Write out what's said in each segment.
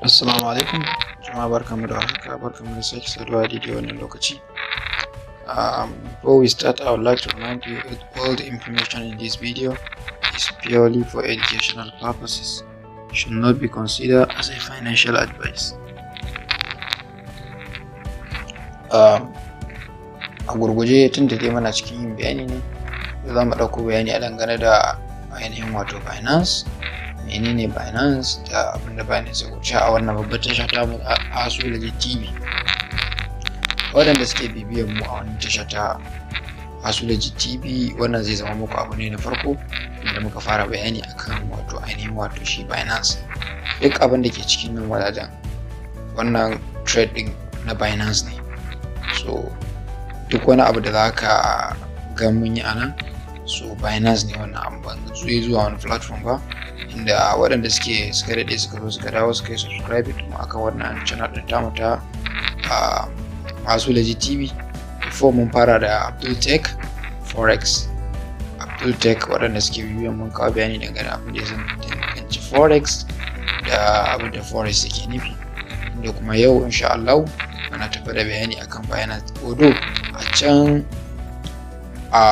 Assalamu alaikum jama'a barkamu da haka barkamu da sake saduwa daidai wannan lokaci. Um, before we start I would like to remind you that all the information in this video is purely for educational purposes. It should not be considered as a financial advice. Um, a gurguje tun da dai mana cikin yin bayani ne za mu ɗauko bayani a dangane da ainihin wato finance menene binance da abinda binance ya kunshi a wannan babbar tasha ta mu su da tv waɗanda suke bibiyan mu a wannan tasha ta asu da tv wannan zai zama muku abu ne na farko da muka fara bayani akan wato ainihin wato shi binance duk abin da ke cikin nan wajajen wannan trade na binance ne so duk wani abu da za ka ga mun yi a nan so binance ne wannan abin ban zai zuwa wani platform ba inda waɗanda suke suka daɗe suka zo suka dawo suka yi subscribe kuma aka wannan channel ɗin tamu ta masu laji tv before mun fara da abdul tech forex abdul tech waɗanda suke bibiyan mun kawo bayani dangane abin da ya danganci forex da abin da forex suke nufi inda kuma yau insha Allah ana tafi da bayani akan bayanan odo a can a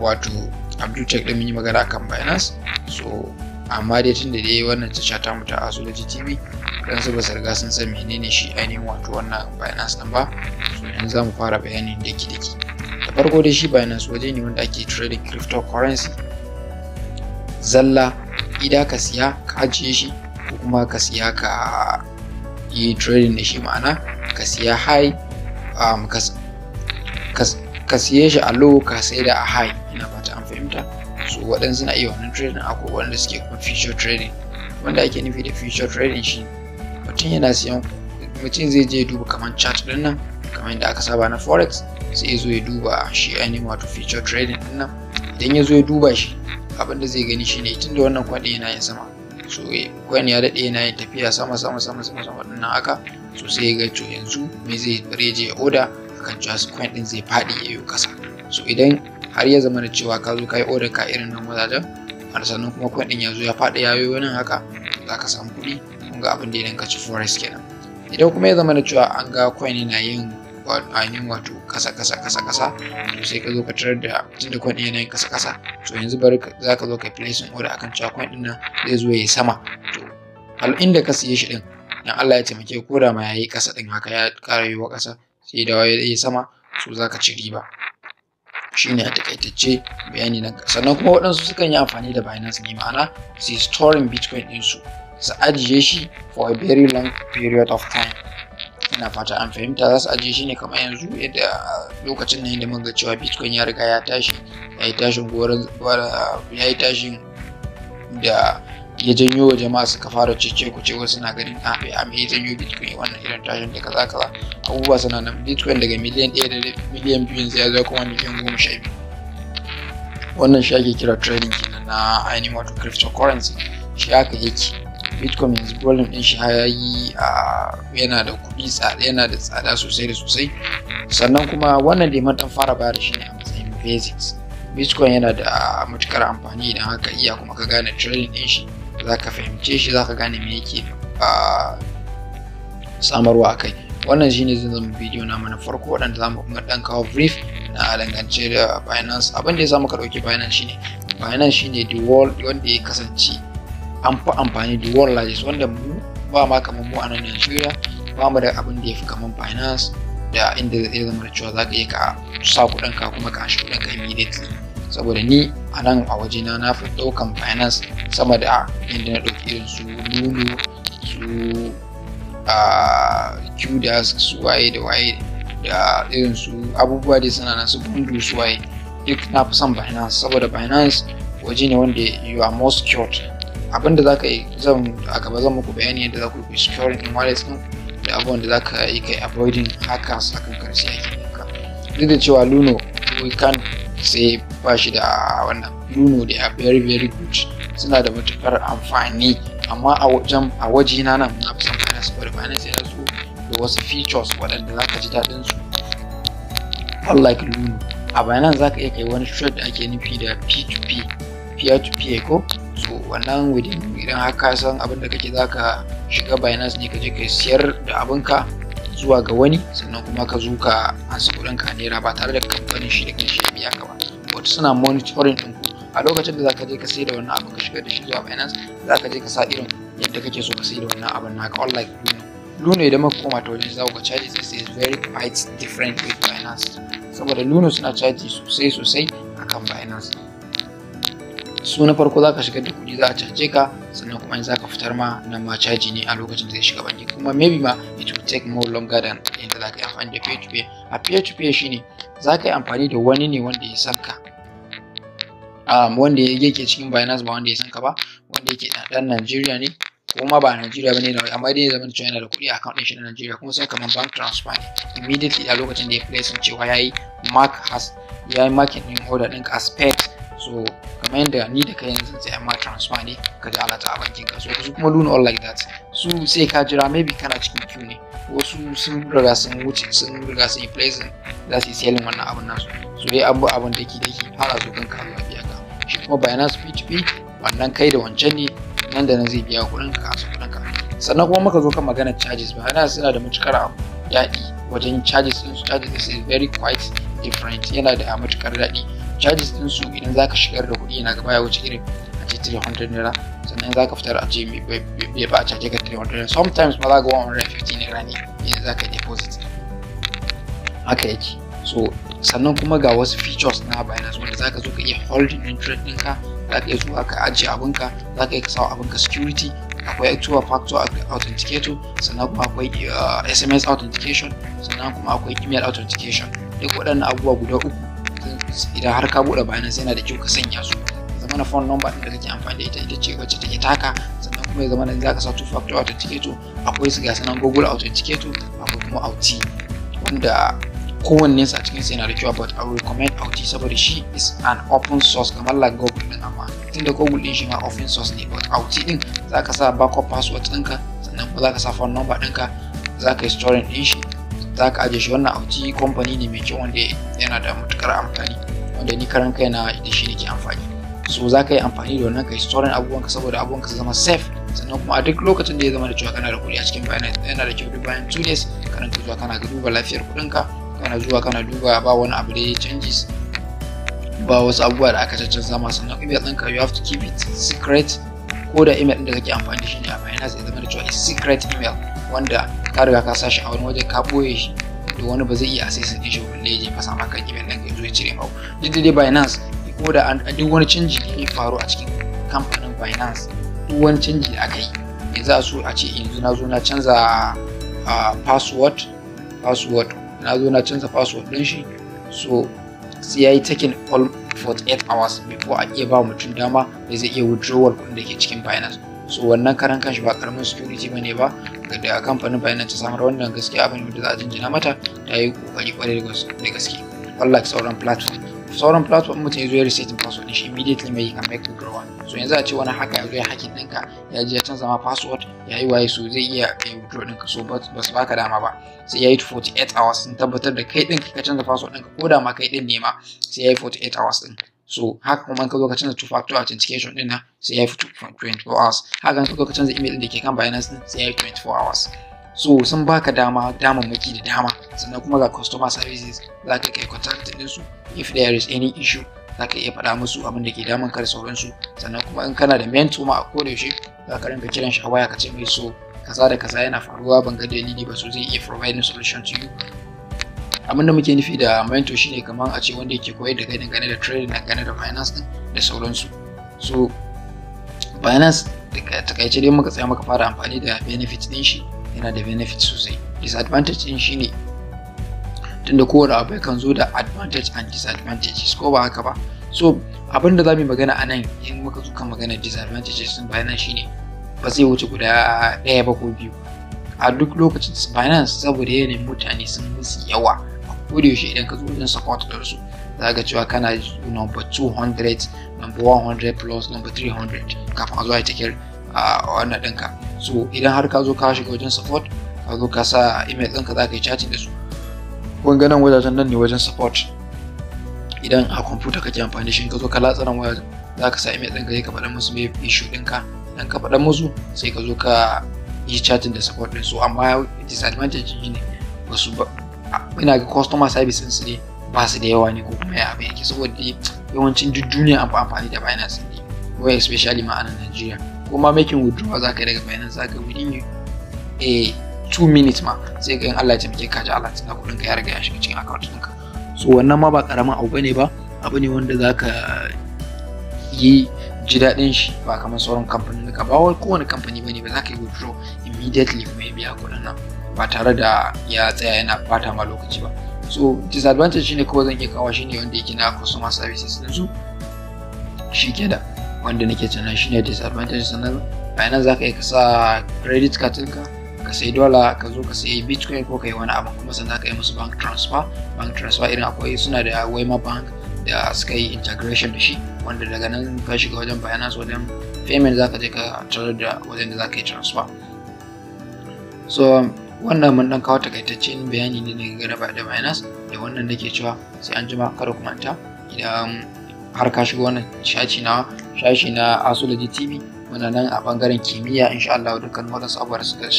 wato abdul tech ɗin mun yi magana akan binance so amma dai tun da dai wannan tasha ta mutu a TV dan su ba sun san menene shi ainihin wato wannan Binance din ba so yanzu zamu fara bayanin daki daki da farko dai shi Binance waje ne wanda ake trading cryptocurrency zalla idan ka siya ka ajiye shi ko kuma ka siya ka yi trading da shi ma'ana ka siya high um, ka siye shi a low ka sai da a high ina fata an fahimta su waɗansu na iya wannan trading akwai wanda suke kuma future trading wanda ake nufi da future trading shi mutum yana siyan mutum zai je duba kamar chart din nan kamar yadda aka saba na forex sai ya zo ya duba shi ainihin wato future trading din nan idan ya zo ya duba shi abin da zai gani shi shine tunda wannan kwaɗi yana yin sama so kwan eh, ya daɗe yana yin tafiya sama sama sama sama sama ɗinnan haka so sai ya ga yanzu me zai bare je ya oda akan cewa kwan ɗin zai faɗi ya yi kasa so idan har ya zama da cewa ka zo ka yi order ka irin nan wajajen har sannan kuma kuɗin ya zo ya faɗi ya yi wani haka za ka samu kuɗi kun ga abin da idan ka ci forex kenan idan kuma ya zama da cewa an ga coin na yin ainihin wato kasa kasa kasa kasa to sai ka zo ka tarar da tunda coin na yin kasa kasa to yanzu bari za ka zo ka placing order akan cewa coin din nan zai zo ya yi sama to inda ka siye shi din dan Allah ya taimake ko da ma yayi kasa din haka ya ƙara kasa sai da ya yi sama so za ci riba shine a takaitacce bayani na sannan kuma waɗansu sukan yi amfani da binance ne ma'ana su yi storing bitcoin ɗinsu su ajiye shi for a very long period of time ina fata an fahimta za su ajiye shi ne kamar yanzu yadda lokacin nan da muka cewa bitcoin ya riga ya tashi ya yi tashin da ya janyo wa jama'a suka fara cece ku cewa suna ganin a ah, a ah, me ya janyo bitcoin wannan irin tashin da kaza kaza abubuwa suna nan bitcoin daga miliyan ɗaya da miliyan biyu yanzu ya zo kuma miliyan goma sha biyu wannan shi ake kira trading kenan na ainihin wato cryptocurrency shi haka yake bitcoin yanzu volume din shi ya yi a yana da kuɗi tsada yana da tsada sosai da sosai sannan kuma wannan da ɗan fara bayar shi ne a matsayin basics bitcoin yana da matukar amfani idan haka iya kuma ka gane trading din shi za ka fahimce shi za ka gane me yake a samarwa akai wannan shine zan zama bidiyo na mana farko waɗanda za mu kuma ɗan kawo brief na dangance da binance abin da ya samu ka ɗauki binance shine binance shine the world wanda ya kasance an fi amfani the world largest wanda mu ba ma kamar mu a nan Najeriya ba mu da abin da ya fi kamar finance da inda zai zama da cewa za ka iya ka sa kuɗin ka kuma ka shi kuɗin immediately saboda ni a nan a wajena na fi ɗaukan finance sama da inda na ɗauki irin su lulu su judas su waye da waye da irin su abubuwa da suna nan su bundu su waye duk na fi son binance saboda binance waje ne wanda you are most secured abinda za ka yi zan a gaba zan muku bayani yadda za ku yi securing in wallet din da abubuwan da za ka yi kai avoiding hackers akan karshe yake haka duk da cewa luno we can sai ba shi da wannan luno they are very very good suna da matukar amfani amma a wajen a waje na nan na fi kana Binance bari Binance ya su da wasu features waɗanda za ka ji daɗin su unlike Lulu a Binance za ka iya kai wani shot da ake nufi da P2P peer to peer ko so wannan within idan haka san abin da kake za ka shiga Binance ne ka je siyar da abin ka zuwa ga wani sannan kuma ka zo ka ansa kuɗin ka naira ba tare da kamfanin shi da shi ya biya ka ba wato suna monitoring a lokacin da zaka je ka sai da wannan abu ka shiga da shi zuwa Binance zaka je ka sa irin yadda kake so ka sai da wannan abin naka like Luna Luna idan ma koma ta wajen zaka charge this is very quite different with Binance saboda Luna suna charge sosai sosai akan Binance su na farko za ka shigar da kuɗi za a caje ka sannan kuma in za ka fitar ma nan ma caji ne a lokacin da zai shiga banki kuma maybe ma it will take more longer than yadda za ka yi amfani da pay to pay a p to pay shine za ka yi amfani da wani ne wanda ya san ka wanda um, wanda yake cikin Binance ba wanda ya san ka ba wanda yake dan Nigeria ne kuma ba nigeria bane da amma dai zaman cewa yana da kuɗi a account din Nigeria. na kuma sai kamar bank transfer ne immediately a lokacin da ya place cewa yayi mark has yayi marking in order din as paid so kamar yadda ni da kai yanzu sai amma transfer ne ka ji alata a bankin ka so su kuma do all like that su sai ka jira maybe kana cikin queue ne wasu sun riga sun wuce sun riga sun yi placing za su yi selling wannan abun nasu so dai abu abun da ke da ke fara zo kanka Allah biya shi kuma Binance P2P wannan kai da wancan ne nan da nan zai biya kuɗin ka kasu kuɗin ka sannan kuma muka zo kan magana charges Binance suna da matukar daɗi wajen charges su charges is very quite different yana da matukar daɗi charges su idan zaka shigar da kuɗi yana gaba ya wuce irin a ce 300 naira sannan zaka fitar a ce bai ba a caje ka 300 naira sometimes ma za ka 150 naira ne idan zaka deposit haka yake so sannan kuma ga wasu features na Binance wanda zaka zo ka iya holding in trade ɗinka zaka iya zuwa ka ajiye abinka zaka iya sawa abinka security akwai actual factor authenticator sannan kuma akwai SMS eh, authentication sannan kuma akwai email authentication duk waɗannan abubuwa guda uku idan har ka buɗe Binance yana da kyau ka sanya su zamana phone number ɗin da kake amfani da ita ita ce wacce take taka sannan kuma ya zamana za ka sa two factor authenticator akwai su ga sanan Google authenticator akwai kuma auti wanda kowanne su a cikin yana da kyau but I will recommend Auti saboda shi is an open source kamar like Google din amma tunda Google din shi ma open source ne but Auti din za ka sa backup password ɗinka sannan kuma za ka sa phone number ɗinka za ka yi storing din shi za ka ajiye shi wannan Auti company ne mai kyau wanda yana da matukar amfani wanda ni karan na da shi nake amfani so za ka yi amfani da wannan ka yi storing abubuwanka saboda abubuwanka su zama safe sannan kuma a duk lokacin da ya zama da cewa kana da kuɗi a cikin bayanai yana da kyau duk bayan two days kana zuwa kana duba lafiyar kuɗinka kana zuwa kana duba ba wani abu da ya canji ba wasu abubuwa da aka caccanza masu sannan email ɗinka you have to keep it secret ko da email da kake amfani da shi ne a bayyana sai zama da cewa is secret email wanda ka riga ka sa shi a wani waje ka boye shi to wani ba zai iya access din shi da ya je fasa maka email ɗinka ka zo ya cire maka duk da dai Binance ko da duk wani canji da ya faru a cikin kamfanin Binance duk wani canji da aka yi ya za su a ce yanzu na zo na canza ah, password password na zo na canza password din shi so sai ya yi taking all 48 hours before a iya ba mutum dama da zai iya withdrawal kuɗin da ke cikin Binance so wannan karan kanshi ba karamin security bane ba da kamfanin Binance ta samar wannan gaskiya abin da za a jinjina mata ta yi kokari kwarai da gaske wallahi sauran platform sauran platform mutum ya zo ya din password shi immediately mai can make the one so yanzu a ce wani haka ya zo ya hacking ɗinka ya je ya canza ma password ya yi waye so zai iya ya withdraw ɗinka so ba su baka dama ba sai ya yi 48 hours sun tabbatar da kai ɗin ka canza password ɗinka ko da ma kai ɗin ne ma sai ya yi 48 hours ɗin so haka kuma ka zo ka canza two factor authentication ɗin nan sai ya yi 24 hours haka ka zo ka canza email ɗin da ke kan Binance sai ya yi 24 hours so sun baka dama damammaki da dama sannan kuma ga customer services za ka kai contact din su if there is any issue za ka iya faɗa musu abin da ke damun ka da sauransu sannan kuma in kana da mentor ma a kodayaushe za ka rinka kiran shi a waya ka ce mai so kaza da kaza yana faruwa ban ga dalili ba so zai iya provide solution to you abin da muke nufi da mentor shine kamar a ce wanda yake koyar da kai dangane da trading dangane da finance din da sauransu so finance da takaice dai muka tsaya muka fara amfani da benefits din shi yana da benefit sosai disadvantage din shine tunda kowane abu kan zo da advantage and disadvantages ko ba haka ba so abin da za mu yi magana a nan in muka zo kan magana disadvantages sun shi shine ba zai wuce guda ɗaya ba ko biyu a duk lokacin binance saboda yanayin mutane sun musu yawa a yaushe idan ka zo wajen support ɗin su za ka cewa kana number 200 number 100 plus number 300 kafin a zuwa a kyar a wannan ɗinka so idan har ka zo ka shiga wajen support ka zo ka sa email ɗinka za ka yi chatting da su kun ganin wajajen nan ne wajen support idan a computer kake amfani shi ka zo ka latsa nan wajen za ka sa email ɗinka sai ka faɗa musu me issue ɗinka dan ka faɗa musu sai ka zo ka yi chatting da support ɗin su amma disadvantage ne ba su ba ina ga customer service ɗin su ne ba su da yawa ne ko kuma ya abin yake saboda yawancin duk duniya amfani da Binance ne ko especially ma a Najeriya kuma making withdrawal za ka daga bayanan za ka within a eh, two minutes ma sai ga in Allah ya taimake ka ji Allah tana kuɗin ka ya riga ya shiga cikin account ɗinka so wannan ma ba karamin abu bane ba abu ne wanda za ka yi ji daɗin shi ba kamar sauran kamfanin ka ba wai kowane kamfani bane ba za ka yi withdraw immediately kuma ya biya kudin nan ba tare da ya tsaya yana bata ma lokaci ba so disadvantage shine kawai zan iya kawo shine wanda yake na customer services din su shi ke da wanda nake shi ne disadvantage sannan a nan za ka iya kasa credit card ka? ka sayi dola ka zo ka sayi bitcoin ko ka yi wani abu kuma sannan ka yi musu bank transfer bank transfer irin akwai suna da wema bank da suka yi integration da shi wanda daga nan ka shiga wajen binance wajen payment za ka je ka tarar da wajen da za ka yi transfer so wannan mun dan kawo takaitaccen bayani ne daga gaba da binance da wannan nake cewa sai an jima kada ku manta idan har ka shiga wannan shashi na shashi na Asology TV muna nan a bangaren kimiyya insha Allah da sabuwar wadansu abubuwa suka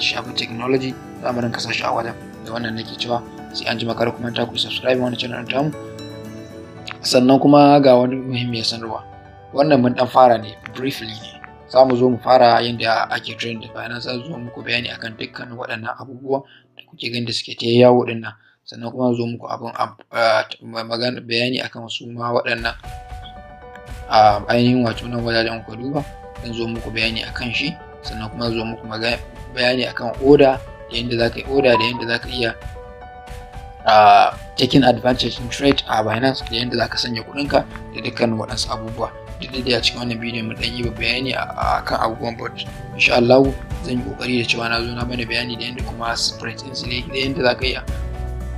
shafi technology za mu rinka sashi a wajen da wannan nake cewa sai an ji makar kuma ta ku subscribe wannan channel mu sannan kuma ga wani muhimmiyar sanarwa wannan mun dan fara ne briefly ne za mu zo mu fara yadda ake training da bayanan za zo muku bayani akan dukkan waɗannan abubuwa da kuke ganin da suke ta yawo dinnan sannan kuma zo muku abin magana bayani akan su ma waɗannan ainihin wato nan wajajen ku duba zan zo muku bayani akan shi sannan kuma zo muku bayani akan oda da yadda za ka yi oda da yadda za ka iya taking advantage in trade a Binance da yadda za ka sanya kuɗinka da dukkan waɗansu abubuwa duk da a cikin wannan bidiyon mu ɗan yi bayani akan abubuwan bot insha Allah zan yi kokari da cewa na zo na bada bayani da yadda kuma spread din da yadda za ka iya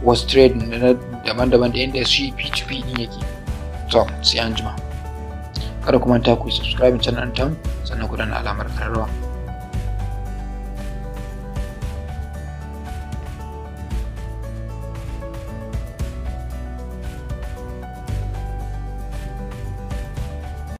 wasu trade na daban-daban da yadda shi p2p din yake to sai an jima kada kuma ta ku subscribe channel ɗin sannan ku dana alamar kararrawa